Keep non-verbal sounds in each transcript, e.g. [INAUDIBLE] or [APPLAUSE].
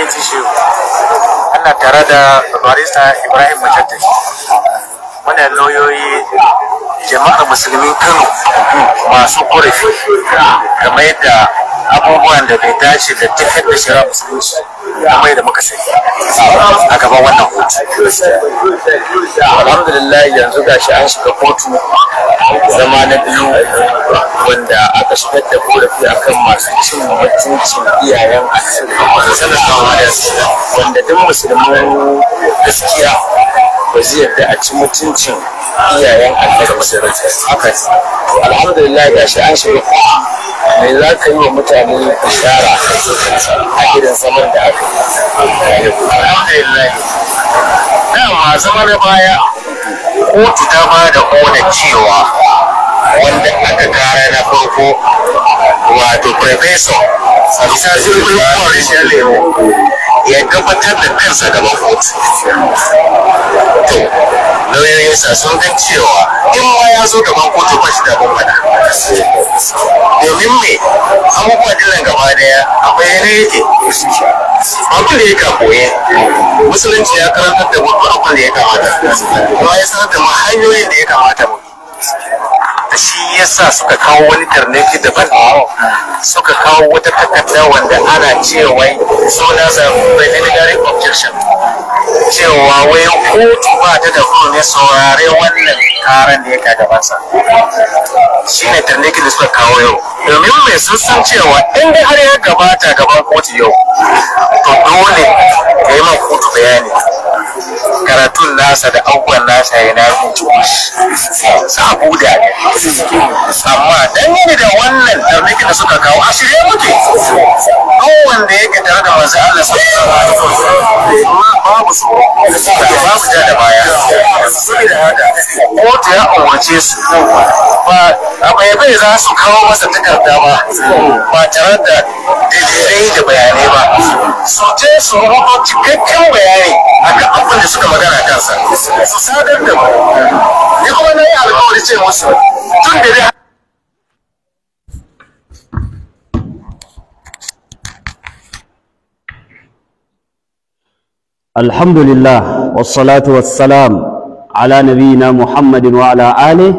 Binti Shehu. Ana tare da barista Ibrahim Mujaddid. Muna lauyoyi jama'ar musulmi Kano masu ƙorafi kamar yadda abubuwan da bai dace da duk da shari'a musulunci kamar da muka sani a gaban wannan kotu alhamdulillah yanzu gashi an shiga kotu zama na biyu wanda aka shigar da korafi akan masu cin mutuncin iyayen wanda duk musulman gaskiya ba zai yadda a ci mutuncin iyayen annabi musulunci haka alhamdulillah gashi an shiga kotu me za ka yi wa mutane taya mu bishara a gidan zaman da aka yi alhamdulillah dama na baya kotu ta ba da cewa wanda aka kara na farko wato professor isa zurfin kwarishin lemo ya gabatar da kansa gaban kotu to lauyoyinsa sun ga cewa in ma ya zo gaban kotu ba shi da bambana domin me abubuwa dillan gaba daya a bayyana yake abin da ya kakoye musulunci ya karantar da babban abin da ya kamata kuma ya sanar da mahanyoyin da ya kamata mu shi yasa suka kawo wani tarnaki daban suka kawo wata takarda wanda ana cewa suna sa preliminary objection cewa wai kotu ba ta da ne saurare wannan karan da ya ka gabansa shi ne tarnaki da suka kawo yau domin mai sun san cewa in har ya gabata gaban kotu yau to dole ga yi man kotu bayani karatun nasa da abubuwan nasa ya na rubutu sabu da amma dangane da wannan tarniki da suka kawo a shirye muke duk wanda yake tare da manzo Allah sallallahu alaihi wasallam babu su babu ja da baya saboda haka ko ta ya umarce su ba a bai za su kawo masa takarda ba ba tare da dalilai da bayanai ba su je su rubuta cikakken bayani akan abin da suka magana su sadar da mu ni kuma ce musu tun da dai الحمد لله والصلاة والسلام على نبينا محمد وعلى آله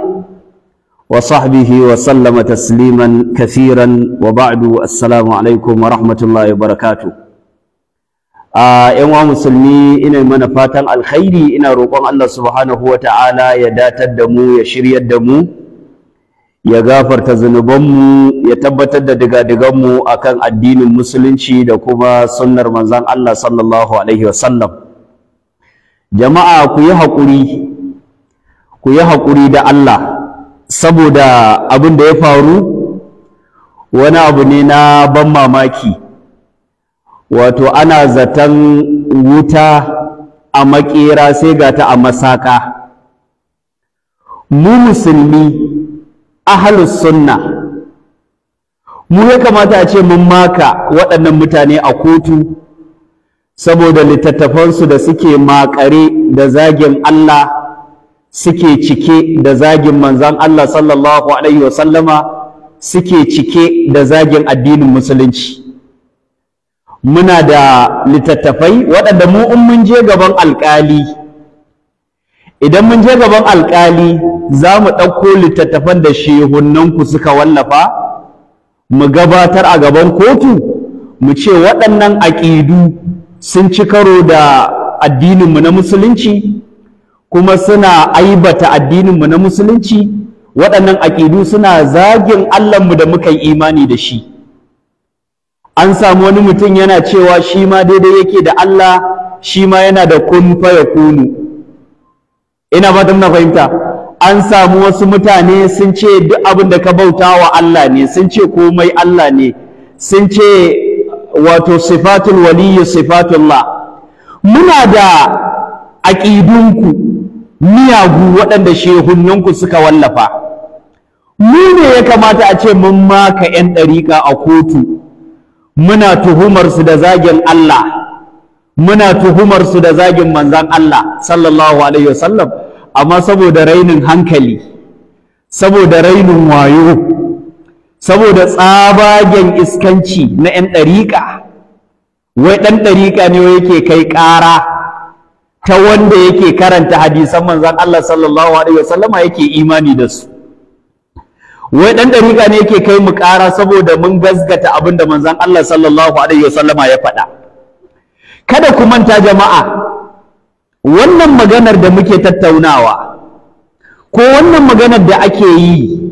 وصحبه وسلم تسليما كثيرا وبعد السلام عليكم ورحمة الله وبركاته a yan musulmi ina mana fatan alkhairi ina roƙon Allah subhanahu wa ta'ala ya datar da mu ya shiryar da mu ya gafarta zunubanmu ya tabbatar da mu akan addinin musulunci da kuma sunnar manzon Allah sallallahu alaihi wasallam jama'a ku yi haƙuri ku yi haƙuri da Allah saboda abin da ya faru wani abu ne na ban mamaki wato ana zaton wuta a makera sai ga ta a masaka mu musulmi ahalus sunna mu ya kamata a ce mun maka waɗannan mutane a kotu saboda littattafansu da suke makare da zagin Allah suke cike da zagin manzan Allah sallallahu alaihi wasallama suke cike da zagin addinin musulunci muna da littattafai waɗanda mu in mun je gaban alƙali idan mun je gaban alƙali za mu ɗauko litattafan da shehunanku suka wallafa mu gabatar a gaban kotu mu ce waɗannan aƙidu sun ci karo da addininmu na musulunci kuma suna aibata addininmu na musulunci waɗannan aƙidu suna zagin allahnmu da muka yi imani da shi an samu wani mutum yana cewa shi ma daidai yake da Allah shi ma yana da kun faya kunu ina fatan na fahimta an samu wasu mutane sun ce duk abin da ka bauta wa Allah ne sun ce komai Allah ne sun ce wato sifatul waliyyu sifatullah muna da aƙidunku miyagu waɗanda shehunninku suka wallafa mu ne ya kamata a ce mun maka 'yan ɗarika a kotu muna tuhumarsu da zagin Allah muna tuhumarsu da zagin manzan Allah sallallahu alaihi wasallam amma saboda rainin hankali saboda rainin wayo saboda tsabagen iskanci na 'yan ɗariƙa wai ɗan ɗariƙa ne yake kai ƙara ta wanda yake karanta hadisan manzan Allah sallallahu alaihi wasallama yake imani da su wai dan dariƙa ne yake kai mu ƙara saboda mun gazgata abin da manzon Allah sallallahu alaihi wasallama ya faɗa kada ku manta jama'a wannan maganar da muke tattaunawa ko wannan maganar da ake yi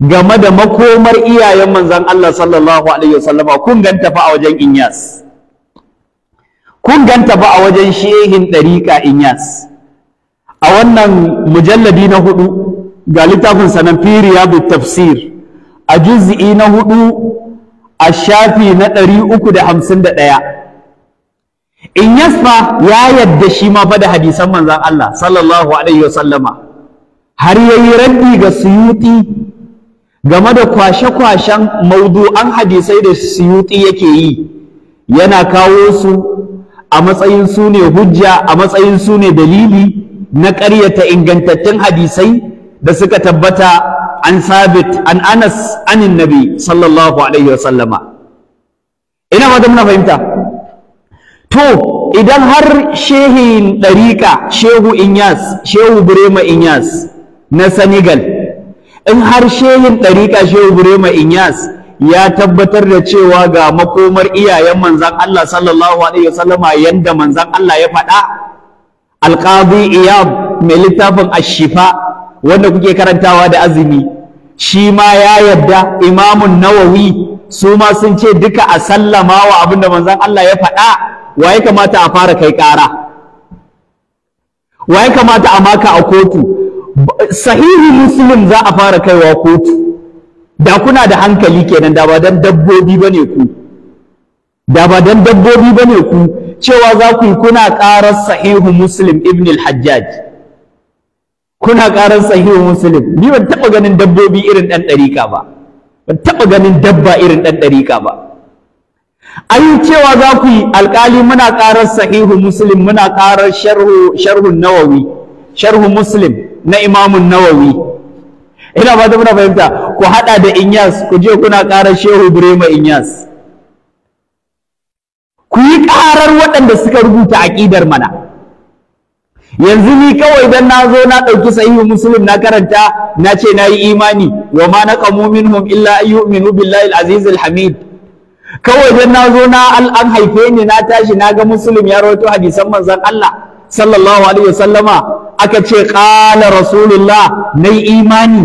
game da makomar iyayen manzon Allah sallallahu alaihi wasallama kun ganta fa a wajen Inyas kun ganta fa a wajen shehin ɗariƙa Inyas a wannan mujalladi na hudu ga littafin sanan bi tafsir a juz'i na hudu a shafi na ɗari uku da hamsin da ɗaya in yasfa ya yadda shi ma fa da hadisan manzan Allah sallallahu alaihi wa sallama har yayi raddi ga suyuti game da kwashe-kwashen maudu'an hadisai da suyuti yake yi yana kawo su a matsayin su ne hujja a matsayin su ne dalili na ƙaryata ingantattun hadisai da suka tabbata an sabit an anas anin nabi sallallahu alaihi wa sallama ina ma muna fahimta to idan har shehin ɗariƙa shehu inyas shehu burema inyas na senegal in har shehin ɗariƙa shehu burema inyas ya tabbatar da cewa ga makomar iyayen manzan Allah sallallahu alaihi wa sallama yanda manzan Allah ya faɗa alƙadi iyab mai littafin ashifa wanda kuke karantawa da azumi shi ma ya yarda imamun nawawi su ma sun ce duka a sallama wa abin da manzon Allah ya faɗa wa ya kamata a fara kai ƙara wa ya kamata a maka a kotu sahihi muslim za a fara kaiwa kotu da kuna da hankali kenan da ba dan dabbobi bane ku da ba dan dabbobi bane ku cewa za ku yi kuna ƙarar sahihu muslim ibn al-hajjaj kuna karar sahihu muslim ni ban taba ganin dabbobi irin dan ba ban taba ganin dabba irin dan ba ayi cewa za ku yi alƙali muna karar sahihu muslim muna karar sharhu nawawi sharhu muslim na imamun nawawi ina ba da muna fahimta ku haɗa da inyas ku je kuna karar shehu birema inyas ku yi karar waɗanda suka rubuta aƙidar mana yanzu ni kawai dan na zo na ɗauki sahihu muslim na karanta na ce na yi imani wa ma naqamu minhum illa an yu'minu billahi al-aziz al-hamid kawai dan na zo na an haife ni na tashi na ga muslim ya rawaito hadisan manzon Allah sallallahu alaihi wasallama aka ce qala rasulullah nayi imani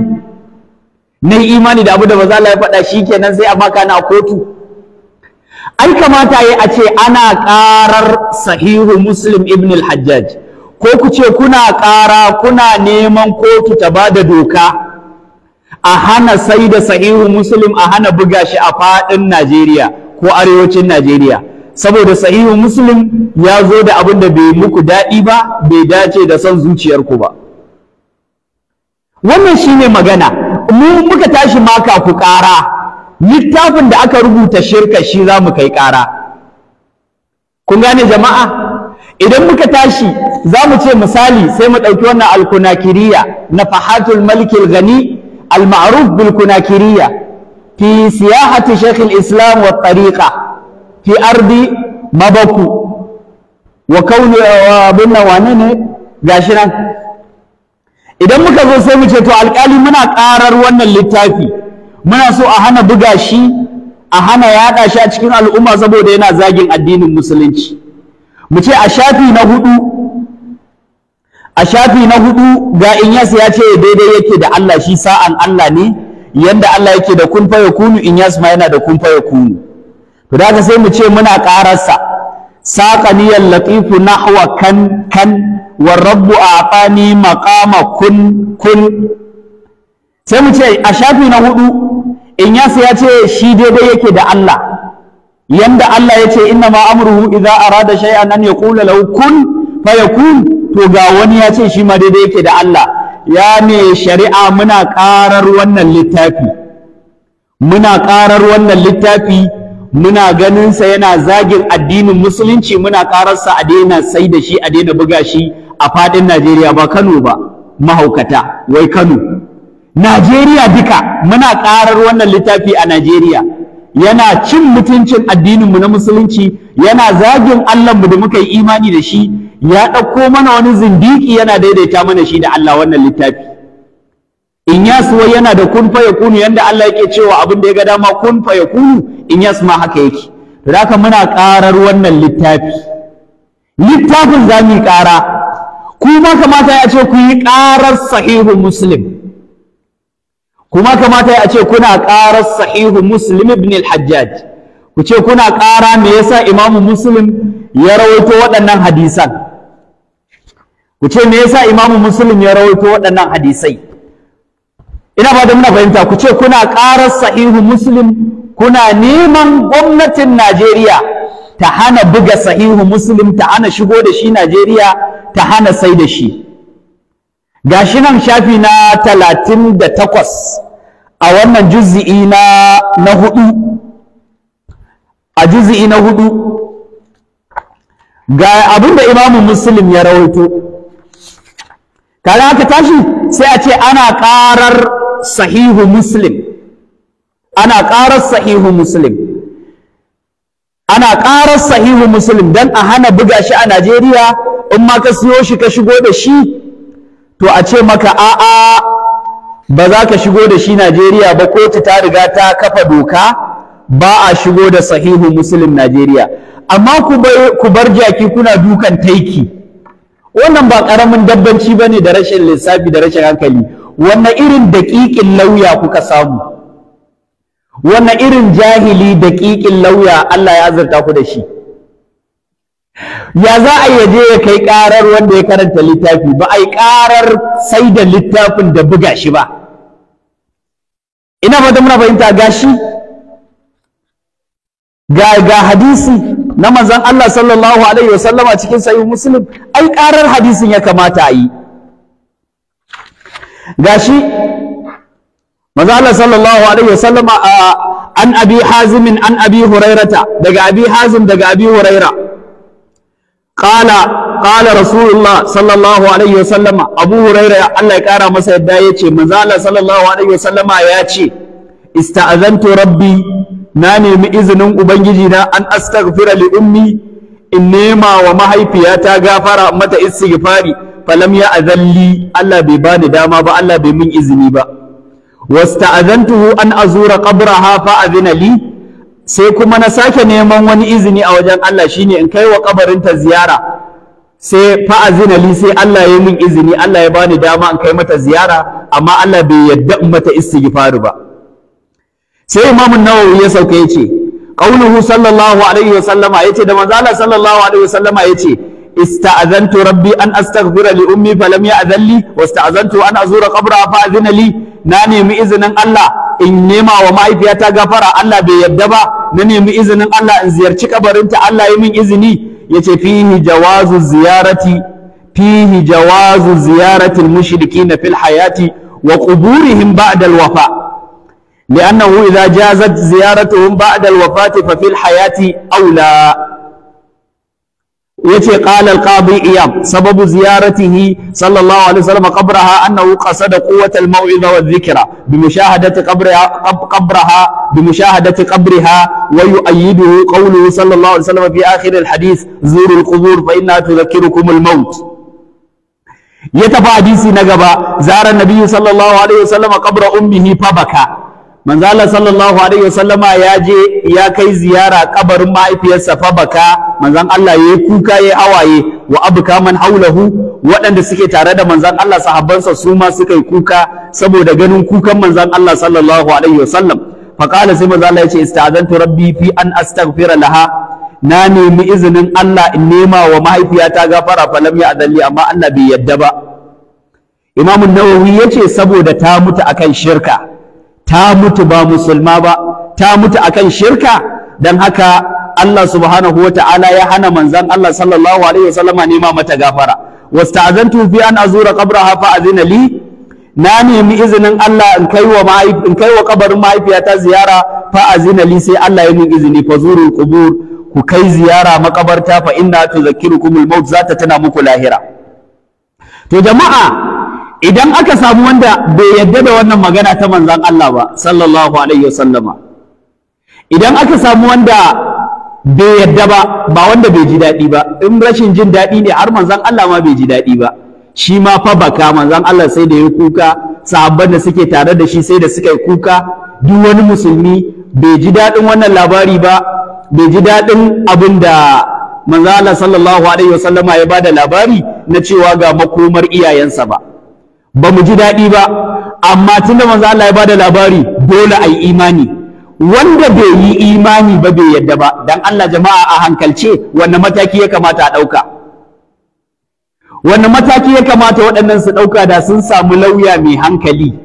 imani da abu da manzon Allah ya faɗa shikenan sai a baka na kotu ai kamata yayi a ce ana ƙarar sahihu muslim ibn al-hajjaj ko ku ce kuna ƙara kuna neman kotu ta ba da doka a hana sai da sahihu muslim a hana buga shi a faɗin najeriya ko arewacin najeriya saboda sahihu muslim ya zo da abin da bai muku daɗi ba bai dace da son zuciyarku ba wannan shi ne magana mu muka tashi maka ku ƙara littafin da aka rubuta shirka shi za mu kai ƙara kun gane jama'a idan muka tashi za mu ce misali sai mu ɗauki wannan alkunakiriya na fahatul malikil gani almaruf maruf bil kunakiriya fi siyahati shaykh islam wa tariqa fi ardi mabaku wa kauni wa binna wane ne gashi nan idan muka zo sai mu ce to alƙali muna ƙarar wannan littafi muna so a hana buga shi a hana yaɗa shi a cikin al'umma saboda yana zagin addinin musulunci mu ce a shafi na hudu a shafi na hudu ga inyas ya ce daidai yake da Allah shi sa'an Allah ne yanda Allah yake da kun kunu inyas ma yana da kun faya kunu to da haka sai mu ce muna ƙararsa saƙaniyar latifu nahwa kan kan wa rabbu a'tani maqama kun kun sai mu ce a shafi na hudu inyas ya ce shi daidai yake da Allah yanda Allah ya ce inna ma amruhu idza arada shay'an an yaqula law kun fayakun to ga wani ya ce shi ma daidai yake da Allah ya ne shari'a muna karar wannan littafi muna karar wannan littafi muna ganin sa yana zagin addinin musulunci muna kararsa a daina sai da shi a daina buga shi a fadin Najeriya ba Kano ba mahaukata wai Kano Najeriya duka muna karar wannan littafi a Najeriya yana cin mutuncin addininmu na musulunci yana zagin Allahnmu da muka yi imani da shi ya ɗauko mana wani zindiki yana daidaita mana shi da Allah wannan littafi in wai yana da kun fa yakunu yanda Allah yake cewa abin da ya ga dama kun fa yakunu in ma haka yake to haka muna ƙarar wannan littafi littafin za mu ƙara ku ma kamata ya ce ku yi ƙarar sahihu muslim kuma kamata a ce kuna ƙarar sahihu muslim ibn al-hajjaj ku ce kuna ƙara me yasa imamu muslim ya rawaito waɗannan hadisan ku ce me yasa imamu muslim ya rawaito waɗannan hadisai ina ba da muna fahimta ku ce kuna ƙarar sahihu muslim kuna neman gwamnatin najeriya ta hana buga sahihu muslim ta hana shigo da shi najeriya ta hana sai da shi gashi nan shafi na talatin da takwas a wannan juzi'i na na hudu a juzi'i na hudu ga abinda imamu muslim ya rawaito kada aka tashi sai a ce ana karar sahihu muslim ana karar sahihu muslim ana karar sahihu muslim don a hana buga shi a najeriya in ma ka siyo shi ka shigo da shi to a ce maka a'a ba za ka shigo da shi Najeriya ba kotu ta riga ta kafa doka ba a shigo da sahihu Musulun Najeriya amma ku bar jaki kuna dukan taiki wannan ba ƙaramin dabbanci ba ne da rashin lissafi da rashin hankali wannan irin daƙiƙin lauya kuka samu wannan irin jahili daƙiƙin lauya Allah ya azurta ku da shi ya za a yaje ya kai karar wanda ya karanta littafi ba a yi karar sai da littafin da buga shi ba ina fata muna fahimta ga ga ga hadisi na manzon Allah sallallahu alaihi a cikin sahih muslim ai karar hadisin ya kamata a yi gashi manzo Allah sallallahu alaihi wasallama an abi hazim an abi hurairata daga abi hazim daga abi huraira qala qala rasulullah sallallahu alaihi wasallama abu huraira Allah ya kara masa yadda ya ce. Mazala sallallahu alaihi wasallama ya ce ista'azantu rabbi na nemi izinin ubangiji na an astaghfira li ummi in nema wa mahaifiyata gafara mata istighfari falam ya azalli Allah bai bani dama ba Allah bai min izini ba wasta'azantuhu an azura qabraha fa azina li sai kuma na sake neman wani izini a wajen Allah shine in kai wa kabarinta ziyara sai fa'azina li sai Allah ya min izini Allah ya bani dama in kai mata ziyara amma Allah bai yadda in mata faru ba sai Imam Nawawi ya sauka yace qauluhu sallallahu alaihi wasallama yace da manzo Allah sallallahu alaihi wasallama yace ista'azantu rabbi an astaghfira li ummi falam ya'zan li wasta'azantu an azura qabra na nemi izinin Allah in nema wa mahaifiyata gafara Allah bai yadda ba na nemi izinin Allah in ziyarci kabarinta Allah yi min izini yace fihi jawazu ziyarati fihi jawazu ziyarati al-mushrikina fil hayati wa quburihim ba'da al-wafa' لأنه إذا جازت زيارتهم بعد الوفاة ففي الحياة أولى يتي قال القاضي إياب سبب زيارته صلى الله عليه وسلم قبرها أنه قصد قوة الموعظة والذكرى بمشاهدة قبرها, قبرها بمشاهدة قبرها ويؤيده قوله صلى الله عليه وسلم في آخر الحديث زور القبور فإنها تذكركم الموت يتفى حديثي نقبا زار النبي صلى الله عليه وسلم قبر أمه فبكى manzo Allah sallallahu alaihi wasallama ya je ya kai ziyara kabarin mahaifiyarsa fa baka manzon Allah yayi kuka yayi awaye wa abka man haulahu waɗanda suke tare da manzon Allah sahabbansa su ma suka yi kuka saboda ganin kukan manzon Allah sallallahu alaihi wasallam fa qala sai manzo Allah yace istazantu rabbi fi an astaghfira laha na nemi izinin Allah in nema wa mahaifiyata gafara fa lam ya'dalli amma Allah bai yadda ba Imam Nawawi yace saboda ta mutu akan shirka ta mutu ba musulma ba ta mutu akan shirka don haka Allah subhanahu wa ta'ala ya hana manzan Allah sallallahu alaihi wasallama nema mata gafara wasta'azantu fi an azura qabraha fa azina li na nemi izinin Allah in kai wa in kai wa kabarin mahaifiyata ziyara fa azina li sai Allah ya min izini fa zuru qubur ku kai ziyara makabarta fa inna tuzakkirukumul maut zata tana muku lahira to jama'a idan aka samu wanda bai yadda da wannan magana ta manzan Allah ba sallallahu alaihi wasallama idan aka samu wanda bai yadda ba ba wanda bai ji daɗi ba in rashin jin daɗi ne har manzan Allah ma bai ji daɗi ba shi ma fa baka manzan Allah sai da ya kuka sahabban da suke tare da shi sai da suka yi kuka duk wani musulmi bai ji daɗin wannan labari ba bai ji daɗin abin da manzan Allah sallallahu alaihi wasallama ya bada labari na cewa ga makomar iyayensa ba ba mu ji daɗi ba amma tunda manzo Allah ya bada labari dole ai imani wanda bai yi imani ba bai yadda ba dan Allah jama'a a hankalce wanne mataki ya kamata a ɗauka wanne mataki ya kamata waɗannan su ɗauka da sun samu lauya mai hankali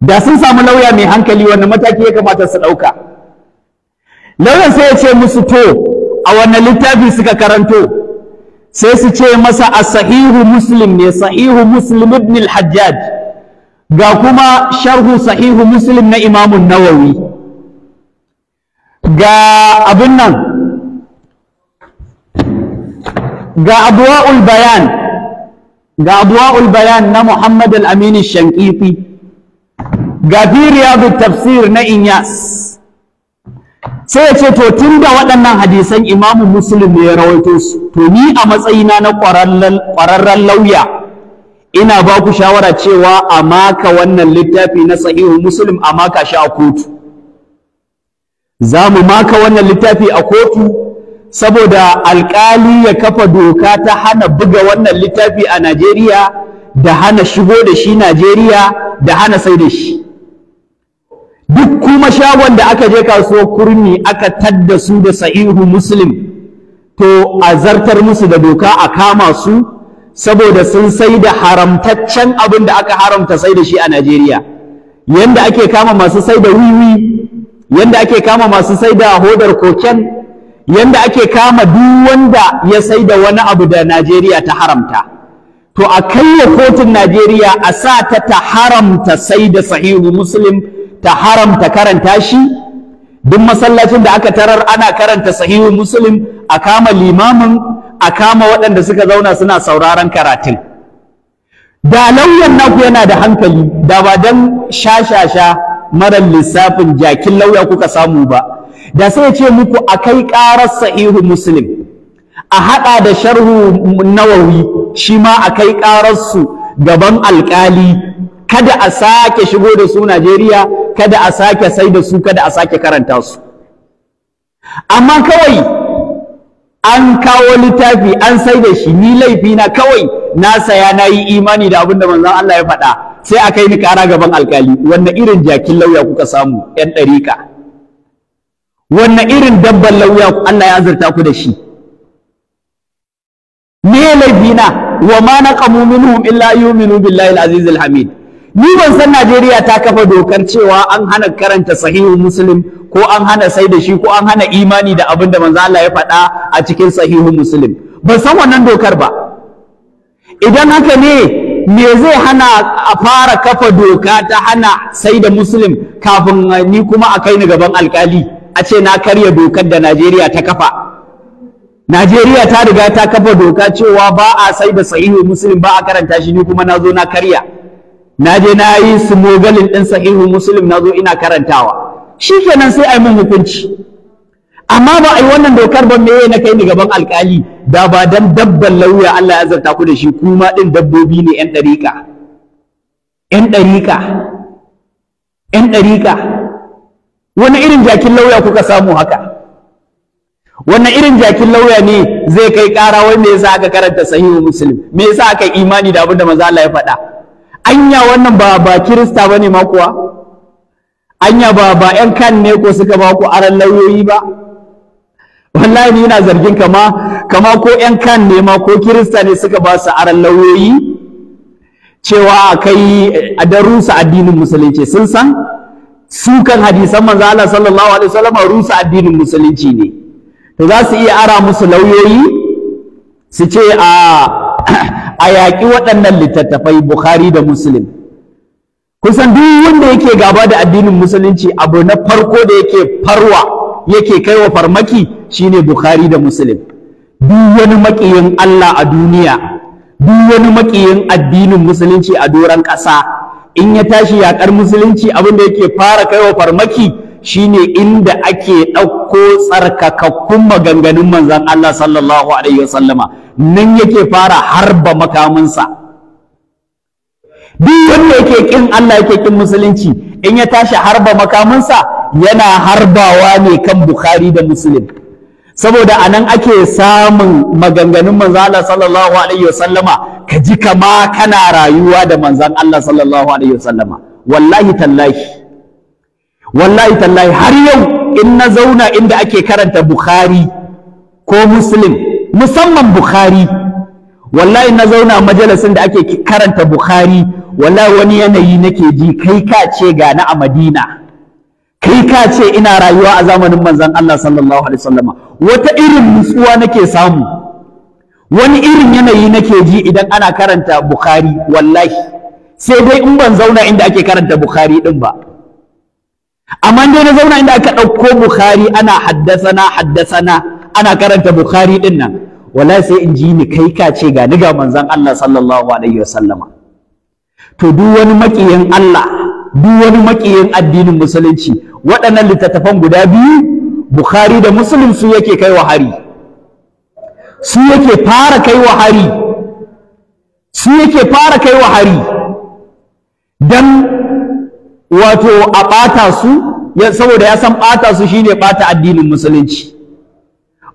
da sun samu lauya mai hankali wanne mataki ya kamata su ɗauka lauyan sai ya ce musu to a wanne littafi suka karanto sai su ce masa a sahihu muslim ne sahihu muslim ibn al-hajjaj ga kuma sharhu sahihu muslim na imamun nawawi ga abin nan ga bayan ga bayan na muhammad al-amin shankifi ga fi riyadu tafsir na inyas sai ya ce to tun da waɗannan hadisan imamu muslim ne ya rawaito su to ni a matsayina na ƙwararren lauya ina ba ku shawara cewa a maka wannan littafi na sahihu muslim a maka shi a kotu za mu maka wannan littafi a kotu saboda alƙali ya kafa doka ta hana buga wannan littafi a najeriya da hana shigo da shi najeriya da hana sai da shi duk kuma shagon da aka je kasuwa kurmi aka tadda su da sa'ihu muslim to a zartar musu da doka a kama su saboda sun sai da haramtaccen abin da aka haramta sai da shi a Najeriya yanda ake kama masu sai da wiwi yanda ake kama masu sai da hodar koken yanda ake kama duk wanda ya sai da wani abu da Najeriya ta haramta to a kai kotun Najeriya a sa ta ta haramta sai da sahihu muslim ta haramta karanta shi duk masallacin da aka tarar ana karanta sahihu muslim a kama limamin a kama waɗanda suka zauna suna sauraron karatun da lauyan naku yana da hankali da ba don shashasha mara lissafin jakin lauya kuka samu ba da sai ce muku a kai ƙarar sahihu muslim a haɗa da sharhu nawawi shi ma a kai ƙararsu gaban alƙali kada a sake shigo da su Najeriya kada a sake sai da su kada a sake karanta su amma kawai an kawo littafi an sai da shi ni laifi na kawai na saya na yi imani da abin da manzon Allah ya faɗa sai a kai ni ƙara gaban alkali Wannan irin jakin lauya kuka samu yan ɗarika. Wannan irin dabban lauya Allah ya azurta ku da shi me laifi na wa ma naqamu minhum illa yu'minu billahi al-aziz al-hamid ni ban san Najeriya ta kafa dokar cewa an hana karanta sahihu muslim ko an hana sai da shi ko an hana imani da abin da manzo Allah ya faɗa a cikin sahihu muslim ban san wannan dokar ba idan haka ne me zai hana a fara kafa doka ta hana sai da muslim kafin ni kuma a kai ni gaban alkali a ce na karya dokar da Najeriya ta kafa Najeriya ta riga ta kafa doka cewa ba a sai da sahihu muslim ba a karanta shi ni kuma na zo na karya na je na yi smogalin ɗin sahihu muslim na zo ina karantawa shikenan sai ai mun hukunci amma ba a yi wannan dokar ba me na kai ni gaban alkali da ba dan dabban lauya Allah ya zarta ku da shi kuma ɗin dabbobi ne yan ɗariƙa yan ɗariƙa ɗariƙa wani irin jakin lauya kuka samu haka wannan irin jakin lauya ne zai kai ƙara wai me yasa aka karanta sahihu muslim me yasa aka imani da abin da manzo Allah ya faɗa anya wannan ba ba kirista ba ne makuwa anya ba ba 'yan kan ne ko suka ba ku aran lauyoyi ba wallahi ni ina zargin kama kama ko 'yan kan ne ma ko kirista ne suka ba su aran lauyoyi cewa a kai a darusa addinin musulunci sun san sukan hadisan manzo Allah sallallahu alaihi wasallam rusa addinin musulunci ne to za su iya ara musu lauyoyi su ce a [COUGHS] a yaƙi waɗannan littattafai bukhari da muslim kusan duk wanda yake gaba da addinin musulunci abu na farko da yake farwa yake kai wa farmaki shine bukhari da muslim duk wani maƙiyin allah a duniya duk wani maƙiyin addinin musulunci a doron ƙasa in ya tashi yaƙar musulunci abin da yake fara kai wa farmaki shine inda ake ɗauko tsarkakakkun maganganun manzon Allah sallallahu alaihi wasallama nan yake fara harba makamansa, duk wanda yake kin Allah yake kin musulunci in ya tashi harba makaminsa yana harbawa ne kan Bukhari da Muslim saboda a nan ake samun maganganun manzo Allah sallallahu alaihi wasallama ka ji kama kana rayuwa da manzon Allah sallallahu alaihi wasallama wallahi tallahi wallahi tallahi har yau in na zauna inda ake karanta Bukhari ko Muslim musamman bukhari wallahi na zauna majalisin da ake karanta bukhari wallahi wani yanayi nake ji kai ka ce ga na a madina kai ka ce ina rayuwa a zamanin manzon Allah sallallahu alaihi wasallama wata irin nutsuwa nake samu wani irin yanayi nake ji idan ana karanta bukhari wallahi sai dai in ban zauna inda ake karanta bukhari din ba amma dai na zauna inda aka ɗauko bukhari ana haddasana haddasana ana karanta bukhari din nan wallahi sai in ji ni kai ka ce ga ni ga manzon Allah sallallahu alaihi wasallama to duk wani makiyin Allah duk wani makiyin addinin musulunci waɗannan littattafan guda biyu bukhari da muslim su yake kai wa hari su yake fara kai wa hari su yake fara kai wa hari dan wato a bata su saboda ya san bata su shine bata addinin musulunci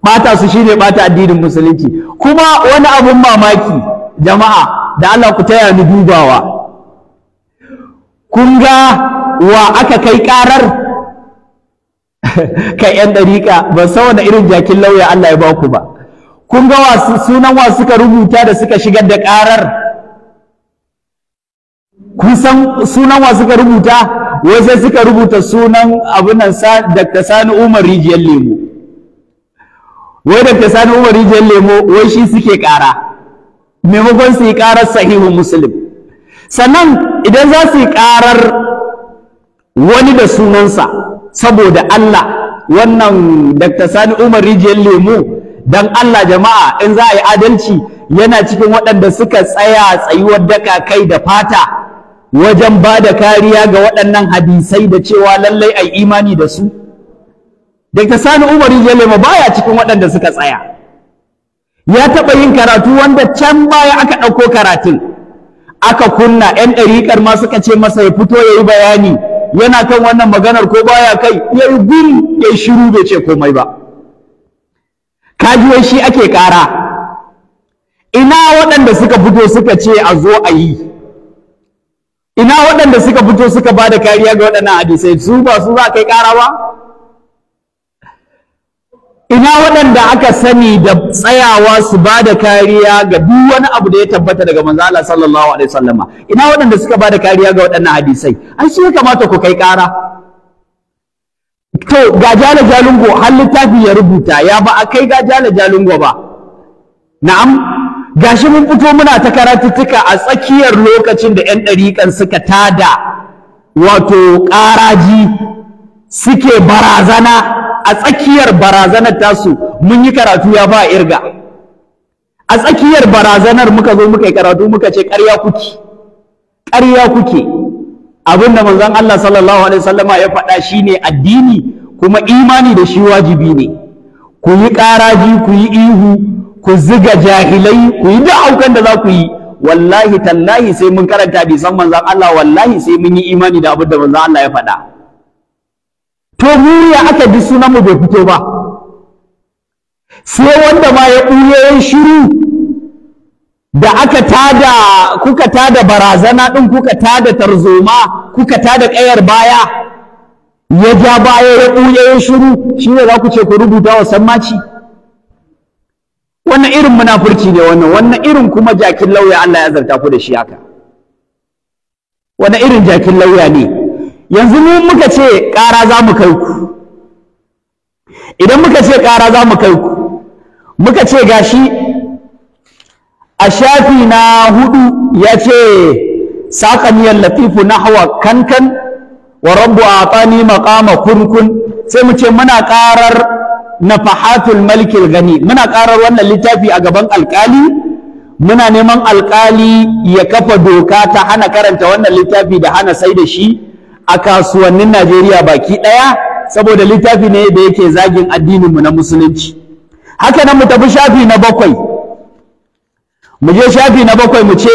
bata su shine bata addinin musulunci kuma wani abun mamaki jama'a da Allah ku taya ni dubawa kun ga wa aka kai karar [LAUGHS] kai yan dariƙa ban saboda irin jakin lauya Allah ya ba ku ba kun ga sunan wa suka rubuta da suka shigar da karar kun san sunan wa suka rubuta wai sai suka rubuta sunan abunan Dr. Sani Umar Rijiyar Lemu wai da sani umar rijiyar lemo wai shi suke ƙara maimakon su yi ƙarar sahihu muslim sannan idan za su yi ƙarar wani da sunansa saboda Allah wannan Dr. Sani Umar Rijiyar lemo don Allah jama'a in za a yi adalci yana cikin waɗanda suka tsaya tsayuwar daka kai da fata wajen ba da kariya ga waɗannan hadisai da cewa lallai a imani da su. Dr. Sani Umar Jalema baya cikin waɗanda suka tsaya. Ya taɓa yin karatu wanda can baya aka ɗauko karatun. Aka kunna 'yan ɗariƙar ma suka ce masa ya fito ya yi bayani yana kan wannan maganar ko baya kai ya yi ya yi shiru bai ce komai ba. Kajuwai shi ake ƙara. Ina waɗanda suka fito suka ce a zo a yi. Ina waɗanda suka fito suka ba da kariya ga waɗannan hadisai su ba su za a kai ƙara ba? ina waɗanda aka sani da tsayawa su ba da kariya ga duk wani abu da ya tabbata daga manzo Allah sallallahu alaihi wasallama ina waɗanda suka ba da kariya ga waɗannan hadisai ai shi ya kamata ku kai ƙara to ga jala jalungo har littafi ya rubuta ya ba a kai ga jala jalungo ba na'am gashi mun fito muna ta karatuttuka a tsakiyar lokacin da 'yan ɗariƙan suka tada wato ƙaraji suke barazana a tsakiyar barazanar tasu mun yi karatu ya ba irga a tsakiyar barazanar muka zo muka yi karatu muka ce ƙarya kuke ƙarya kuke abin da manzon Allah sallallahu alaihi wasallama ya faɗa shine addini kuma imani da shi wajibi ne ku yi ƙaraji ku yi ihu ku ziga jahilai ku yi duk aukan da za ku yi wallahi tallahi sai mun karanta bisan manzon Allah wallahi sai mun yi imani da abin da manzon Allah ya faɗa to aka bi aka ji sunanmu bai fito ba sai wanda ma ya ɓuye shiru da aka tada kuka tada barazana ɗin kuka tada tarzoma kuka tada ƙayar baya ya ja baya ya ɓuye ya shiru shi ne za ku ce ku rubuta wa sammaci wannan irin munafurci ne wannan wannan irin kuma jakin lauya Allah ya zarta ku da shi haka wannan irin jakin lauya ne yanzu mu muka ce ƙara za mu kai ku idan muka ce ƙara za mu kai ku muka ce gashi a shafi na hudu ya ce saƙaniyar latifu na hawa kankan wa rabu a tsani maƙama kurkun sai mu ce muna ƙarar na fahatul malkil gani muna ƙarar wannan littafi a gaban alƙali muna neman alƙali ya kafa doka ta hana karanta wannan littafi da hana sai da shi a kasuwannin Najeriya baki ɗaya saboda littafi ne da yake zagin addininmu na musulunci haka nan mu tafi shafi na bakwai mu je shafi na bakwai mu ce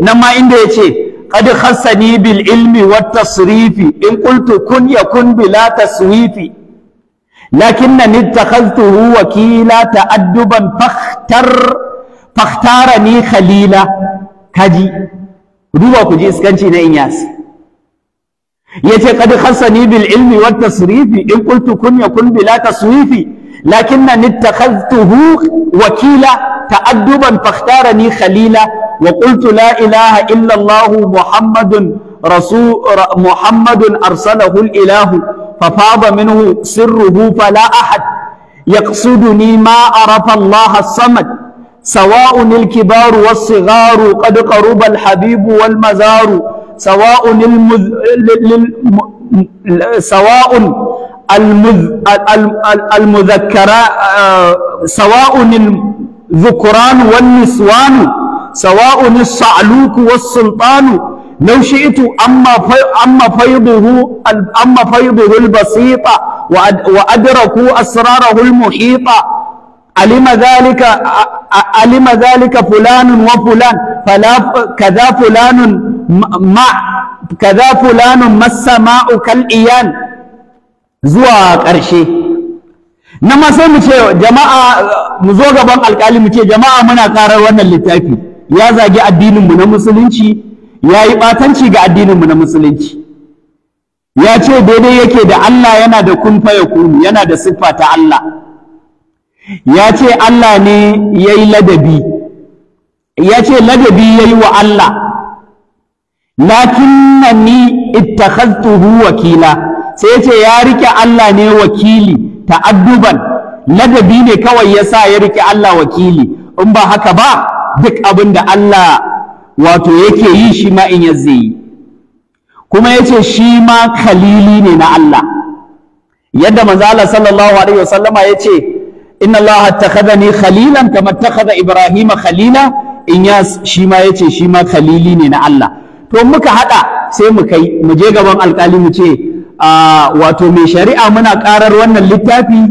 nan ma inda ya ce قد خصني بالعلم والتصريف إن قلت كن يكن بلا تسويف لكنني اتخذته وكيلا تأدبا فاختر فاختارني خليلا كجي duba ku ji iskanci na inyas يتي قد خصني بالعلم والتصريف إن قلت كن يكن بلا تصويف لكنني اتخذته وكيلا تأدبا فاختارني خليلا وقلت لا إله إلا الله محمد رسول محمد أرسله الإله ففاض منه سره فلا أحد يقصدني ما عرف الله الصمد سواء الكبار والصغار قد قرب الحبيب والمزار سواء المذ... للم... سواء المذ... المذكرا سواء الذكران والنسوان سواء الصعلوك والسلطان لو شئت أما أما فيضه أما فيضه البسيطة وأدركوا أسراره المحيطة علم ذلك علم ذلك فلان وفلان فلا كذا فلان ma kaza fulanun masama'u kal iyan zuwa ƙarshe na ma sai mu ce jama'a mu zo gaban alƙali mu ce jama'a muna karar wannan littafi ya zagi mu na musulunci ya yi ɓatanci ga mu na musulunci ya ce daidai yake da Allah yana da kun faya kunu yana da siffa ta Allah ya ce Allah ne ya yi ladabi ya ce ladabi ya yi wa Allah lakinnani ittakhadtuhu wakila sai yace ya rike Allah ne wakili ta'adduban ladabi ne kawai yasa ya rike Allah wakili in ba haka ba duk abin da Allah wato yake yi shi ma in yazze yi kuma yace shi ma ne na Allah yadda manzo Allah sallallahu alaihi wasallama yace inna Allah attakhadhani khalilan kama attakhadha Ibrahim khalila in ya shi ma yace shi ma khalili ne na Allah to muka haɗa sai mu kai mu je gaban alkali mu ce wato mai shari'a muna karar wannan littafi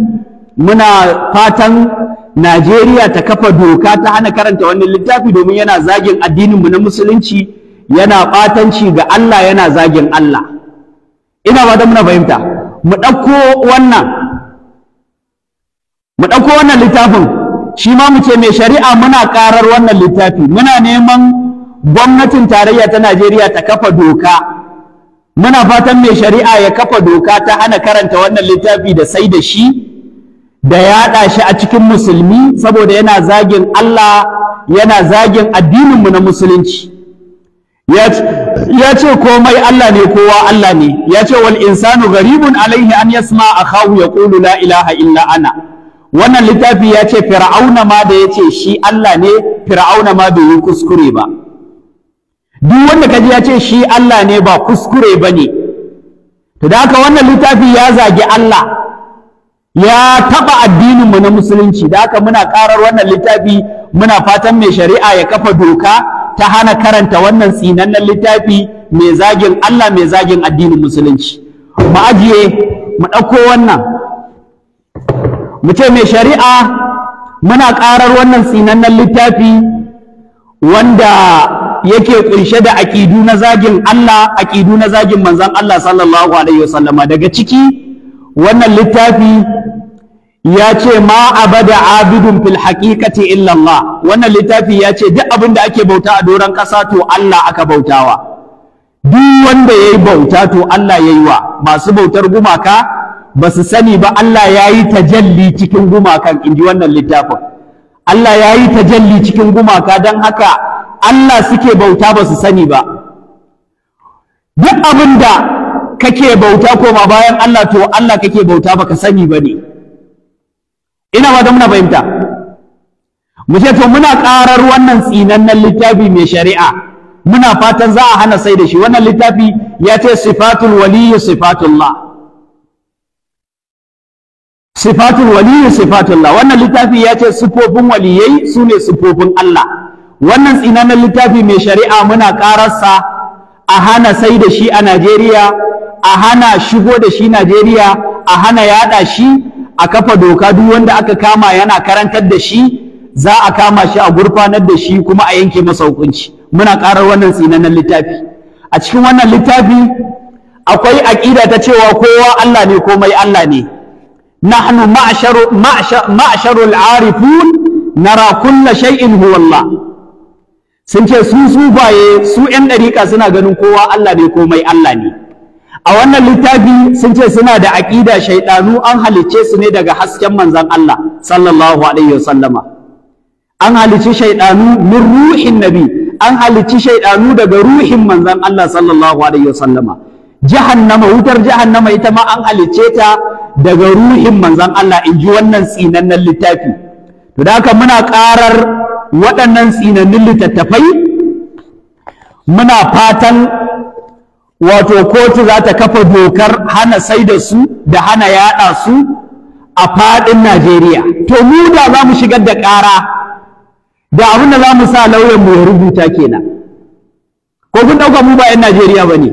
muna fatan Najeriya ta kafa doka ta hana karanta wannan littafi domin yana zagin addininmu na musulunci yana batanci ga Allah yana zagin Allah ina ba da muna fahimta mu ɗauko wannan mu ɗauko wannan littafin shi ma mu ce mai shari'a muna ƙarar wannan littafi muna neman gwamnatin tarayya ta Najeriya ta kafa doka muna fatan mai shari'a ya kafa doka ta hana karanta wannan littafi da sai da shi da yaɗa shi a cikin musulmi saboda yana zagin Allah yana zagin addininmu na musulunci ya ce komai Allah ne kowa Allah ne ya ce wal insanu garibun alaihi an yasma akhahu yaqulu la ilaha illa ana wannan littafi ya ce fir'auna ma da ya ce shi Allah ne fir'auna ma bai yi kuskure ba duk wanda kaji ya ce shi Allah ne ba kuskure ba ne to da haka wannan littafi ya zagi Allah ya taɓa addininmu na musulunci da haka muna ƙarar wannan littafi muna fatan mai shari'a ya kafa doka ta hana karanta wannan tsinannen littafi mai zagin Allah mai zagin addinin musulunci mu ajiye mu ɗauko wannan mu ce mai shari'a muna ƙarar wannan tsinannen littafi wanda yake kunshe da aƙidu na zagin Allah aƙidu na zagin manzon Allah sallallahu alaihi wasallama daga ciki wannan littafi ya ce ma abada abidun fil haqiqati illa Allah wannan littafi ya ce duk abin da ake bauta a doron ƙasa to Allah aka bautawa duk wanda yayi bauta to Allah yayi wa masu bautar gumaka ba su sani ba Allah yayi tajalli cikin gumakan inji wannan littafin Allah yayi tajalli cikin gumaka dan haka Allah suke bauta ba su sani ba duk abin da kake bauta koma bayan Allah to Allah kake bauta baka sani ba ne ina ba da muna fahimta mu ce to muna ƙarar wannan tsinannen littafi mai shari'a muna fatan za a hana sai da shi wannan littafi ya ce sifatul waliyyi sifatullah sifatul waliyyi sifatullah wannan littafi ya ce sifofin waliyai sune sifofin Allah wannan tsinanan littafi mai shari'a muna ƙararsa a hana sai da shi a Najeriya a hana shigo da shi Najeriya a hana yaɗa shi a kafa doka duk wanda aka kama yana karantar da shi za a kama shi a gurfanar da shi kuma a yanke masa hukunci muna ƙarar wannan tsinanan littafi a cikin wannan littafi akwai aƙida ta cewa kowa Allah ne komai Allah ne nahnu ma'sharul ma'sharu al-arifun nara kulla shay'in huwa Allah sun ce su baye su ‘yan ɗariƙa suna ganin kowa Allah ne komai Allah ne a wannan littafi sun ce suna da aƙida shaiɗanu an halicce su ne daga hasken manzon Allah sallallahu alaihi wasallama an halicci shaiɗanu min ruhin nabi an halicci shaiɗanu daga ruhin manzan Allah sallallahu alaihi wasallama jahannama wutar jahannama ita ma an halicce ta daga ruhin manzon Allah in ji wannan tsinannen littafi to da haka muna ƙarar waɗannan tsinannin littattafai muna fatan wato kotu za ta kafa dokar hana sai da su da hana yaɗa su a faɗin Najeriya to mu da za mu shigar da ƙara da abin da za mu sa lauyan mu ya rubuta kenan ko kun ɗauka mu ba 'yan Najeriya ba ne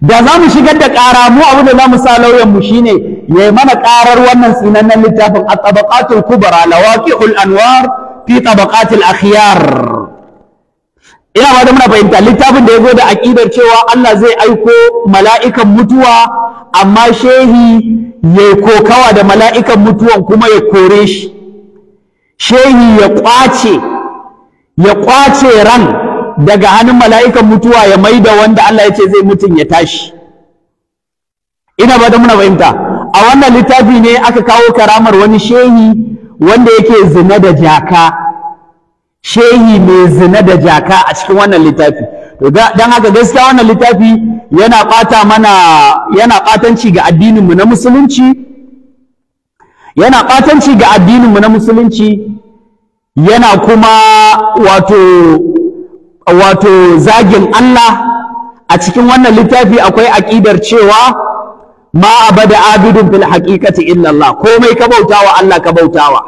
da za mu shigar da ƙara mu abin da za mu sa lauyan mu shine ya mana ƙarar wannan tsinannen littafin a tabaqatul kubra lawaqi'ul anwar fi tabaqatil akhyar ina ba da muna fahimta littafin da ya zo da aƙidar cewa Allah zai aiko mala'ikan mutuwa amma shehi ya kokawa da mala'ikan mutuwan kuma ya kore shi shehi ya kwace ya kwace ran daga hannun mala'ikan mutuwa ya maida wanda Allah ya ce zai mutum ya tashi ina ba da muna fahimta a wannan littafi ne aka kawo karamar wani shehi wanda yake zina da jaka shehi mai zina da jaka a cikin wannan littafi to dan haka gaskiya wannan littafi yana bata mana yana batanci ga addinin na musulunci yana batanci ga addinin na musulunci yana kuma wato wato zagin Allah a cikin wannan littafi akwai aƙidar cewa ma abada abidun fil haqiqati illa Allah komai ka bautawa Allah ka bautawa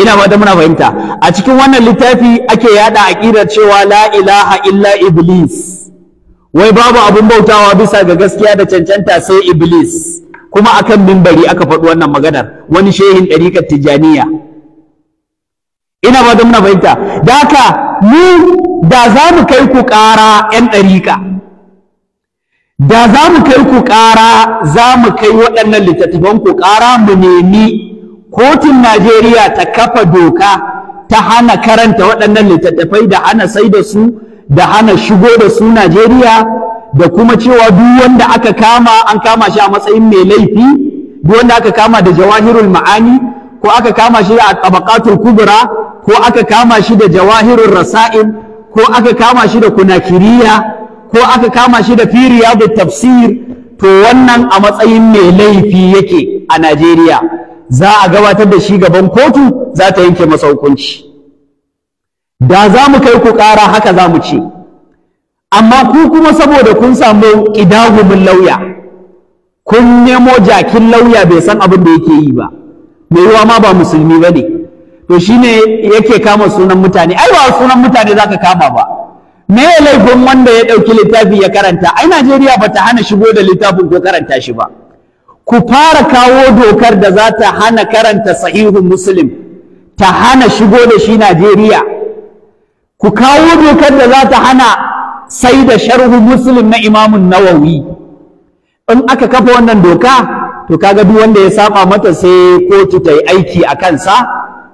ina ba da muna fahimta a cikin wannan littafi ake yada aqidar cewa la ilaha illa iblis wai babu abun bautawa bisa ga gaskiya da cancanta sai iblis kuma akan mimbari aka faɗi wannan maganar wani shehin ɗariƙar tijaniya ina ba da muna fahimta da haka mu da za mu kai ku ƙara 'yan ɗariƙa da za mu kai ku ƙara za mu kai waɗannan littattafan ku ƙara mu nemi kotun najeriya ta kafa doka ta hana karanta waɗannan littattafai da hana sai da su da hana shigo da su najeriya da kuma cewa duk wanda aka kama an kama shi a matsayin mai laifi duk wanda aka kama da jawahirul ma'ani ko aka kama shi a tabaqatul kubra ko aka kama shi da jawahirul rasa'in, ko aka kama shi da kunakiriya ko aka kama shi da ya da tafsir to wannan a matsayin mai laifi yake a Najeriya za a gabatar da shi gaban kotu za ta yanke masa hukunci da za mu kai ku ƙara haka za mu ce amma ku kuma saboda kun samu ƙidagumin lauya kun nemo jakin lauya bai san abin da yake yi ba mai yiwa ma ba musulmi ba ne to shine yake kama sunan mutane ai ba sunan mutane za ka kama ba me ya laifin wanda ya ɗauki littafi ya karanta ai Najeriya bata hana shigo da littafin ko karanta shi ba ku fara kawo dokar da za ta hana karanta sahihun muslim ta hana shigo da shi Najeriya ku kawo dokar da za ta hana sai da sharhu muslim na imamun nawawi in aka kafa wannan doka to kaga duk wanda ya saba mata sai kotu ta yi aiki a kansa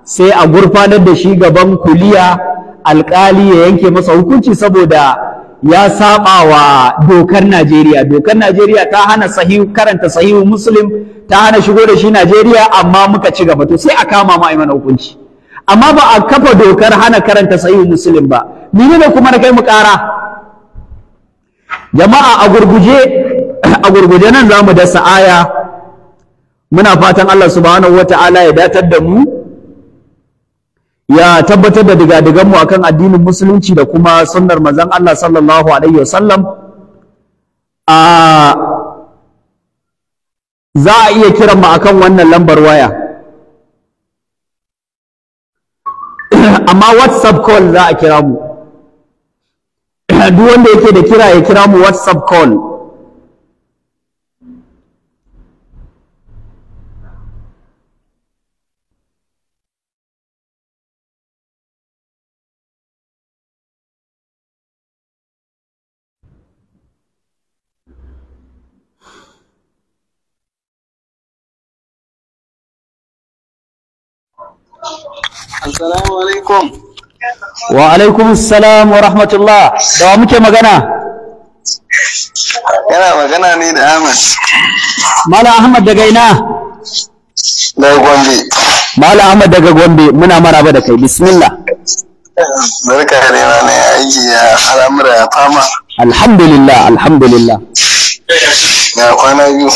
sai a gurfanar da shi gaban kuliya alƙali ya yanke masa hukunci saboda ya saba wa dokar Najeriya dokar Najeriya ta hana sahihu karanta sahihu muslim ta hana shigo da shi Najeriya amma muka ci gaba to sai a kama mu mana hukunci amma ba a kafa dokar hana karanta sahihu muslim ba Ni ne kuma na kai mu ƙara jama'a a gurguje a gurguje nan za mu dasa aya muna fatan Allah subhanahu wataala ya datar da mu ya tabbatar da digadigan mu akan addinin musulunci da kuma sunnar manzon Allah sallallahu alaihi wasallam a za a iya kiran mu akan wannan lambar waya [COUGHS] amma whatsapp call za a kira mu [COUGHS] duk wanda yake da kira ya kira mu whatsapp call alaikum wa alaikum assalam wa rahmatullah da wa muke magana yana magana ne da Ahmad Mala Ahmad daga ina daga Gombe Mala Ahmad daga Gombe muna maraba da kai bismillah barka da rana ya aiki ya al'amura ya fama alhamdulillah alhamdulillah ya kwana biyu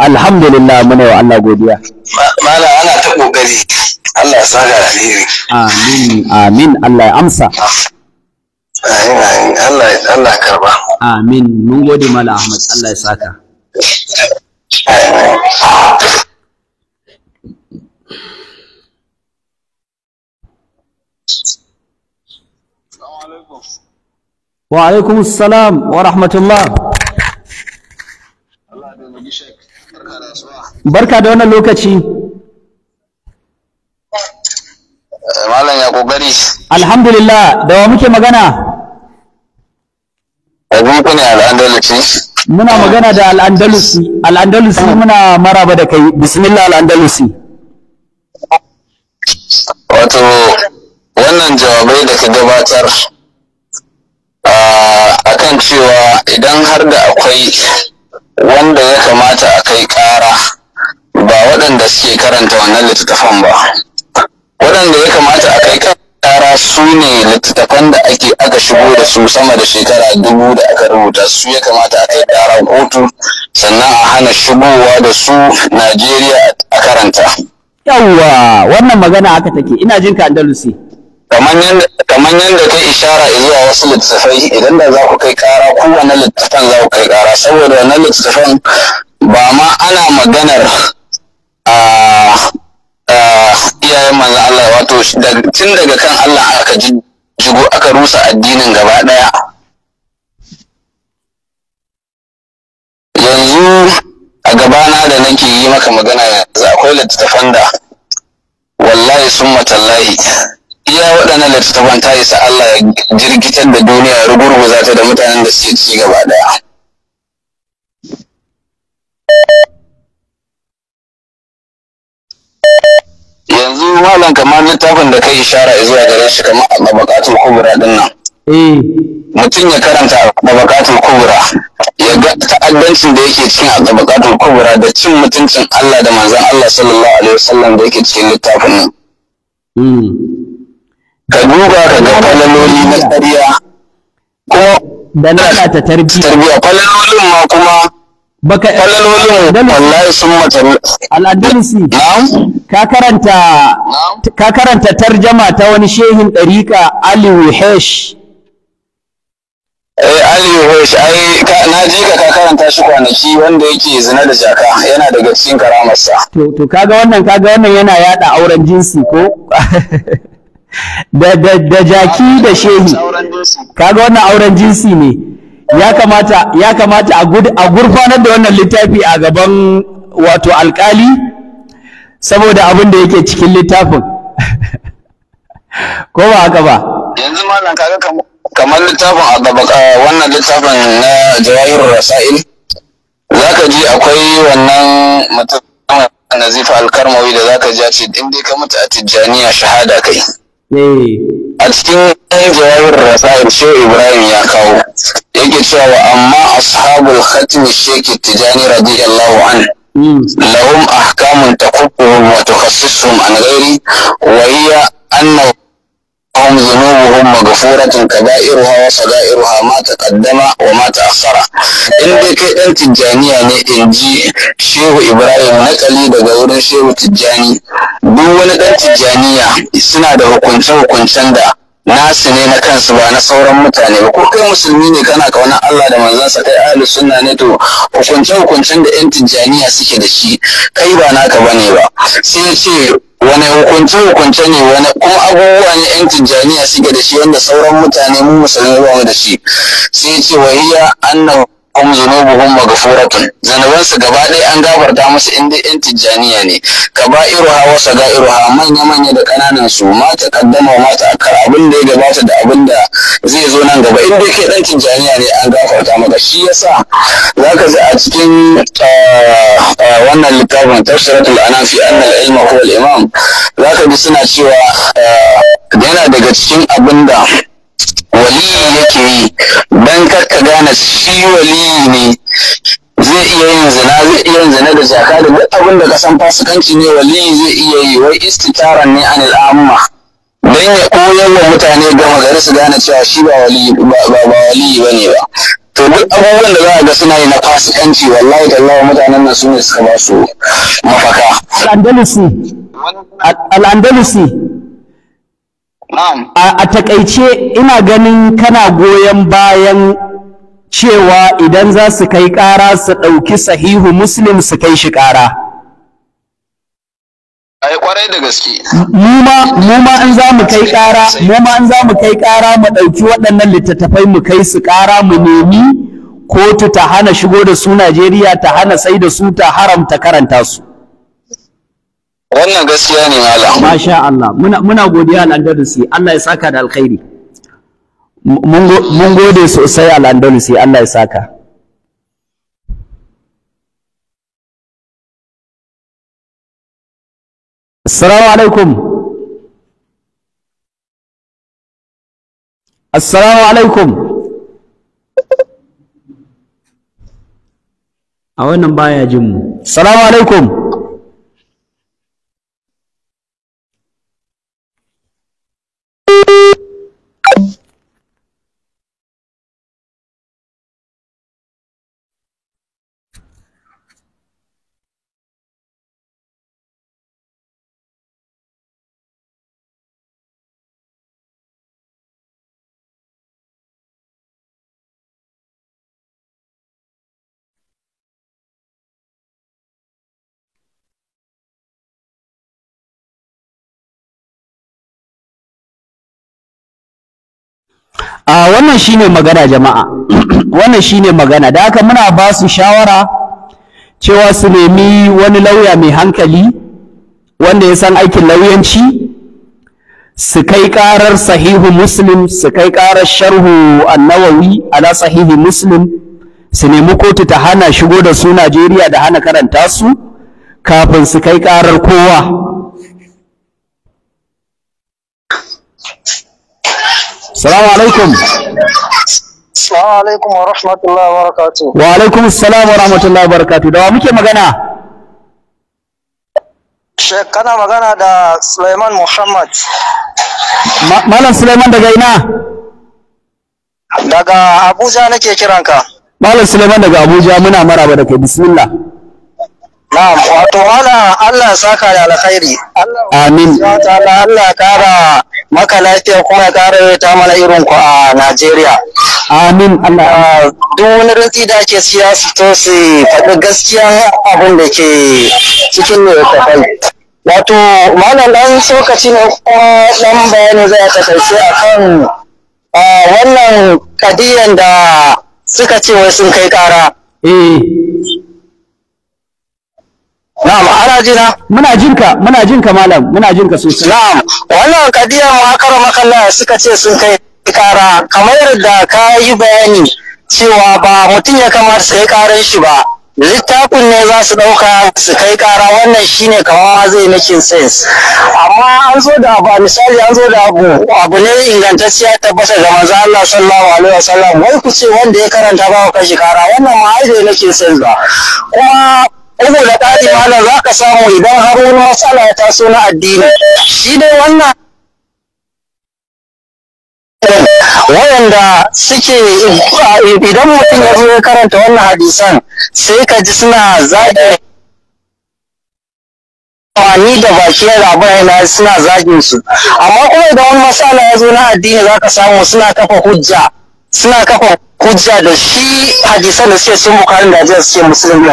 alhamdulillah muna wa Allah godiya mala ana ta kokari Allah ya saka alheri amin amin Allah ya amsa amin Allah Allah ya karba amin mun gode mala Ahmad Allah ya saka Wa alaikum salam wa rahmatullah. Allah da shek. barka da wannan lokaci eh, malam ya kokari alhamdulillah da wa muke magana eh, ku ne al'andalusi. Muna magana da al'andalusi, al'andalusi muna maraba da kai, bismillah al'andalusi. Wato, wannan jawabai da ka gabatar a ah, kan cewa idan har da akwai wanda ya kamata a kai ƙara ba waɗanda suke karanta wannan littattafan ba waɗanda ya kamata a kai ƙara su ne littattafan da ake aka shigo da su sama da shekara dubu da aka rubuta su ya kamata a kai ƙara kotu sannan a hana shigowa da su najeriya a karanta yawwa wannan magana aka take ina jin ka andalusi kamar yadda ta ishara zuwa wasu littattafai idan da za ku kai kara kowane littattafan za ku kai kara saboda wannan littattafan ba ma ana maganar iyayen manzan Allah wato tun daga kan Allah aka jigo aka rusa addinin gaba ɗaya yanzu a gabana da nake yi maka magana yanzu akwai littattafan da wallahi sun matallahi iya waɗannan littattafan ta isa Allah ya jirgitar da duniya ya rugurguza ta da mutanen da suke ci gaba ɗaya. yanzu malam kamar littafin da kai ishara zuwa gare shi kamar a babakatul kubura ɗin nan eh. mutum ya karanta a babakatul kubura, ya ga ta'addancin da yake cikin a babakatul kubura da cin mutuncin Allah da manzan Allah sallallahu alaihi wasallam da yake cikin littafin nan hmm. ka duba ka ga kwalaloli na tsariya ko da lalata ta tarbiyya kwalalolin ma kuma baka kwalalolin wallahi sun mata al'adalisi ka karanta ka karanta tarjama ta wani shehin ɗariƙa Ali Wihesh Eh Ali Hesh, ai na ji ka ka karanta shi kwanaki wanda yake zina da jaka yana daga cikin karamarsa to to kaga wannan kaga wannan yana yada auren jinsi ko [LAUGHS] da jaki da shehi kaga wannan auren jinsi ne ya kamata ya kamata a gurfanar da wannan littafi a gaban wato alkali saboda abin da yake cikin littafin [LAUGHS] ko ba haka ba yanzu malam kaga kamar littafin a gaba wannan littafin na jawahirul rasail zaka ji akwai wannan mutum nazifa alkarmawi da zaka ji a ce in dai ka mutu a tijjaniya shahada kai جواب الرسائل ابراهيم يا خو يجي شو اما اصحاب الختم الشيك التجاني رضي الله عنه لهم احكام تقبهم وتخصصهم عن غيري وهي ان هم ذنوبهم مغفورة كبائرها وصغائرها ما تقدم وما تأخر إن بك أنت يعني إن جي شيخ إبراهيم نقلي بقول شيخ تجاني duk wani ɗan tijjaniya suna da hukunce-hukuncen da nasu ne na kansu ba na sauran mutane ba ko kai musulmi ne kana kauna Allah da manzansa kai ahlus sunna ne to hukunce hukuncen da yan tijjaniya suke da shi kai ba naka bane ba sai ce wani hukunce hukunce ne wani kuma abubuwa ne yan tijjaniya suke da shi wanda sauran mutane mu musulmi ba mu da shi sai ce wahiya annahu hum zunubuhum maghfuratun su gaba ɗaya an gafarta musu in dai yan tijjaniya ne Ka kaba'iruha wa iruha manya manya da kananan su ma ta kaddama ma ta akar abin da ya gabata da abin da zai zo nan gaba in dai kai dan tijjaniya ne an gafarta maka shi yasa zaka ji a cikin ah, ah, wannan littafin tafsiratul anam fi anna al-ilma huwa al-imam zaka ji suna cewa ah, yana daga cikin abin da waliyi yake yi don karka gane shi waliyi ne zai iya yin zina zai iya yin zina da jaka da duk abin da kasan fasikanci ne waliyi zai iya yi wai istitaran ne anil amma Dan ya koyar wa mutane gama gari su gane cewa shi ba waliyi ba ba bane ba to duk abubuwan da za a ga suna yi na fasikanci wallahi Allah mutanen nan su ne suka ba su mafaka al-andalusi a takaice ina ganin kana goyon bayan cewa idan za su kai ƙara su ɗauki sahihu muslim su kai shi ƙara ai kwarai da gaske mu ma in za mu kai ƙara mu ma za mu kai ƙara mu ɗauki waɗannan littattafai mu kai su ƙara mu nemi kotu ta hana shigo da su Najeriya ta hana sai da su ta haramta karanta su wannan gaskiya ne malam masha Allah muna muna godiya al-Andalusi Allah ya saka da alkhairi mun gode sosai al-Andalusi Allah ya saka Assalamu alaikum Assalamu alaikum a wannan baya jin mu Assalamu alaikum a wannan shine magana jama'a [CLEARS THROAT] wannan shine magana da haka muna ba su shawara cewa su nemi wani lauya mai hankali wanda ya san aikin lauyanci su kai karar sahihu muslim su kai karar sharhu annawawi ala sahihi muslim su nemi kotu ta hana shigo da su najeriya da hana karanta su kafin su kai karar kowa salamu alaikum salamu alaikum wa rahmatullahi wa barakatuh wa alaikum salam wa rahmatullahi wa barakatuh da wa muke magana Sheikh magana da Sulaiman Muhammad Malam Sulaiman daga ina daga Abuja nake kiranka Malam Sulaiman daga Abuja muna maraba da kai bismillah Na'am, wato Allah Allah saka da alkhairi. Amin. kara maka lafiya kuma ya ƙara ta mana irin ku a Najeriya. Amin Allah. Ah, duk wani rantsi da ake siya su to su faɗi gaskiya abin da ke cikin ne ta Wato malam ɗan sokaci ne kuma ɗan bayani zai takaice a kan ah, wannan kadiyan da suka ce wai sun kai ƙara. Eh. Na'am, ana na. Muna jinka, muna jinka malam, muna jinka sosai. Na'am, wannan kadiyar muhakara makalla suka ce sun kai kara kamar yadda ka yi bayani cewa ba mutum ya kamata su kai karan shi ba. Littafin ne za su ɗauka su kai kara wannan shine kamar zai makin sense. Amma an zo da abu misali an zo da abu abu ne ingantacciya tabbata ga manzo Allah sallallahu alaihi wasallam wai ku ce wanda ya karanta ba kai kara wannan ma ai zai makin sense ba. Kuma Ugu da ɗari malam za ka samu idan har wani matsala ya taso na addini shi dai wannan wayanda suke idan mutum ya zo ya karanta wannan hadisan sai ka ji suna zagin amfani da baki ya da na suna zagin su amma kuma idan wani matsala ya zo na addini za ka samu suna kafa hujja suna kafa hujja da shi hadisan da suke sun bukarin da ajiyar suke musulmi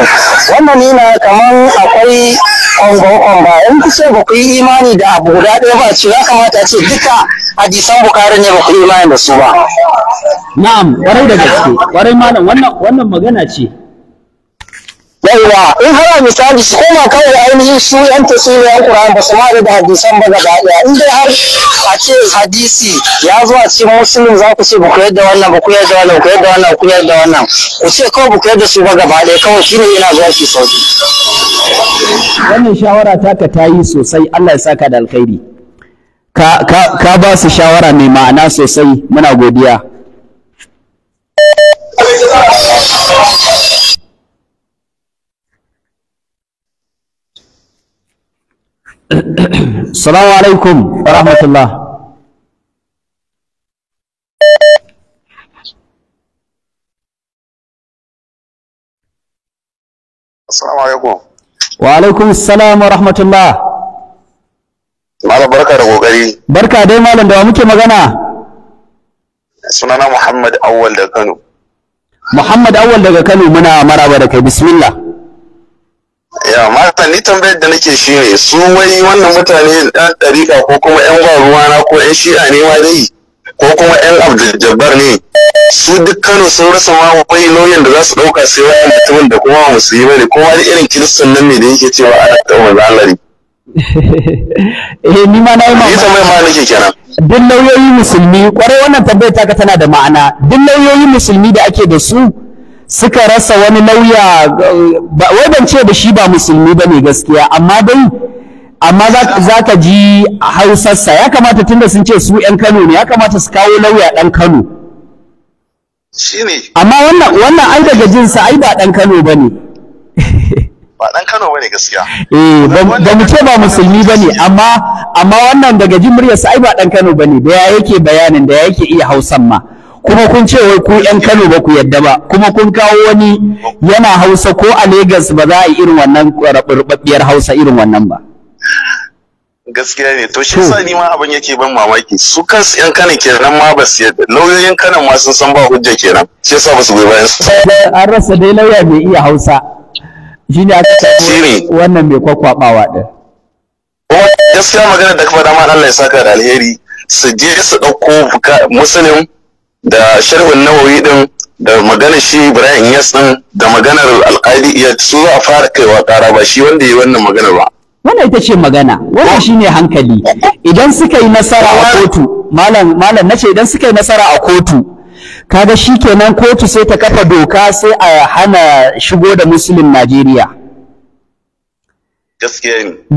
wannan nina kamar akwai kwamba-kwamba in kusa ba ku yi imani da abu guda ɗaya ba ce ya kamata ce duka hadisan bukarin ne ba ku yi imani da su ba na'am kwarai da gaske kwarai malam wannan magana ce yauwa in har misali su koma kawai ainihin su yan yan Qur'an ba su ma da hadisan ba gaba daya in dai har a ce hadisi ya zo a ce muslim za ku ce ba ku yadda wannan ba ku yadda wannan ku yadda wannan ku yadda wannan ku ce kawai ba ku yadda su ba gaba daya kawai shine ina zuwa shi sauki wannan shawara taka ta yi sosai Allah ya saka da alkhairi ka ka ka ba su shawara mai ma'ana sosai muna godiya Salamu alaikum wa rahmatullah. Assalamu alaikum. Wa alaikum salam wa rahmatullah. Malam barka da kokari. Barka dai malam da wa muke magana. Sunana Muhammad Awwal da Kano. Muhammad Awwal daga Kano muna maraba da kai bismillah. ya mata ni tambayar da nake shi ne su wai wannan mutane ɗan ɗariƙa ko kuma ƴan gwaruwa na ko ƴan shi'a ne ma dai ko kuma ƴan abdul ne su dukkanin kano sun rasa ma wai lauyan da za su ɗauka sai wani mutumin da kuma musulmi bane kuma wani irin kiristan nan ne da yake cewa ana taɓa zalari. [LAUGHS] eh ni ma na yi mamaki. Ni tambayar ma nake kenan. Duk lauyoyi musulmi kwarai wannan tambayar ta tana da ma'ana duk lauyoyi musulmi da ake da su suka rasa wani lauya wai ban ce da shi ba musulmi bane gaskiya amma dai amma za ka ji hausarsa ya kamata tunda sun ce su 'yan kano ne ya kamata su kawo lauya ɗan kano amma wannan wannan ai daga jinsa ai ba ɗan kano ba ne ba dan kano ba ne gaskiya eh ba mu ce ba musulmi ba ne amma amma wannan daga jin muryarsa ai ba ɗan kano ba ne da ya yake bayanin da ya yake iya hausan ma kuma kun ce wai ku yan Kano ba ku yadda ba kuma kun kawo wani yana Hausa ko a Lagos ba za a yi irin wannan rubabbiyar Hausa irin wannan ba gaskiya ne to shi sa ni ma abin yake ban mamaki su su yan Kano kenan ma ba su yadda lauyoyin Kano ma sun san ba hujja kenan shi yasa ba su goyi bayan su an rasa dai lauya mai iya Hausa ne aka wannan mai kwakwabawa din gaskiya magana da kafa dama Allah ya saka da alheri su je su ɗauko musulun da sharhun nawawi din da maganar shi ibrahim yas din da maganar alƙadi iya so a fara kaiwa ƙara ba shi wanda yi wannan maganar ba wannan ita ce magana wannan shine hankali idan suka yi nasara a kotu malam malam nace idan suka yi nasara a kotu kaga shikenan kotu sai ta kafa doka sai a hana shigo da musulun Najeriya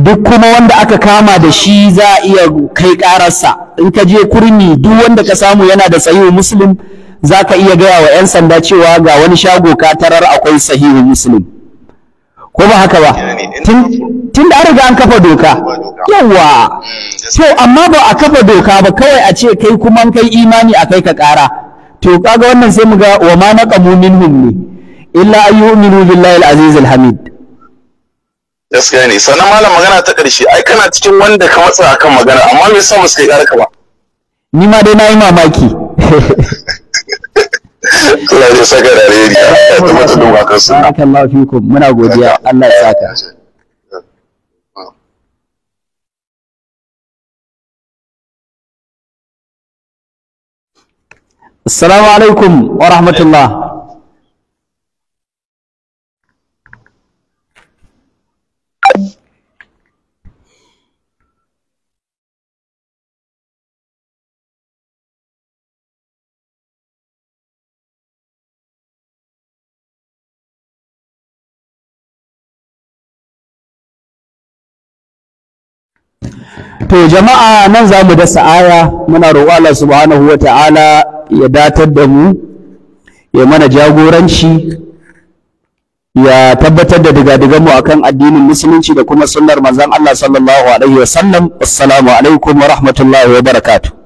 duk kuma wanda aka kama da shi za a iya kai ƙararsa in ka je kurmi duk wanda ka samu yana da sahihu muslim za ka iya gaya wa 'yan sanda cewa ga wani shago ka tarar akwai sahihu muslim ko ba haka ba tun da an riga an kafa doka yawa mm, to amma ba a kafa doka ba kawai a ce kai kuma kai imani a kai ka ƙara to kaga wannan sai mu ga wa ma naqamu minhum ne illa ayyuminu billahi al-aziz hamid gaskiya ne sannan malam magana ta ƙarshe ai kana cikin wanda ka matsa akan magana amma me yasa ba su kai ƙarka ba ni ma dai na yi mamaki Allah ya saka da rediyo [LAUGHS] ya tabbata da wakan sunna barakallahu fikum muna godiya Allah ya saka Assalamu alaikum wa rahmatullah. to jama'a nan za mu dasa aya muna roƙo Allah subhanahu wa ta'ala ya datar da mu ya mana jagoranci ya tabbatar da diga-digan mu akan addinin musulunci da kuma sunnar manzon Allah sallallahu alaihi sallam. assalamu alaikum wa rahmatullahi wa barakatuh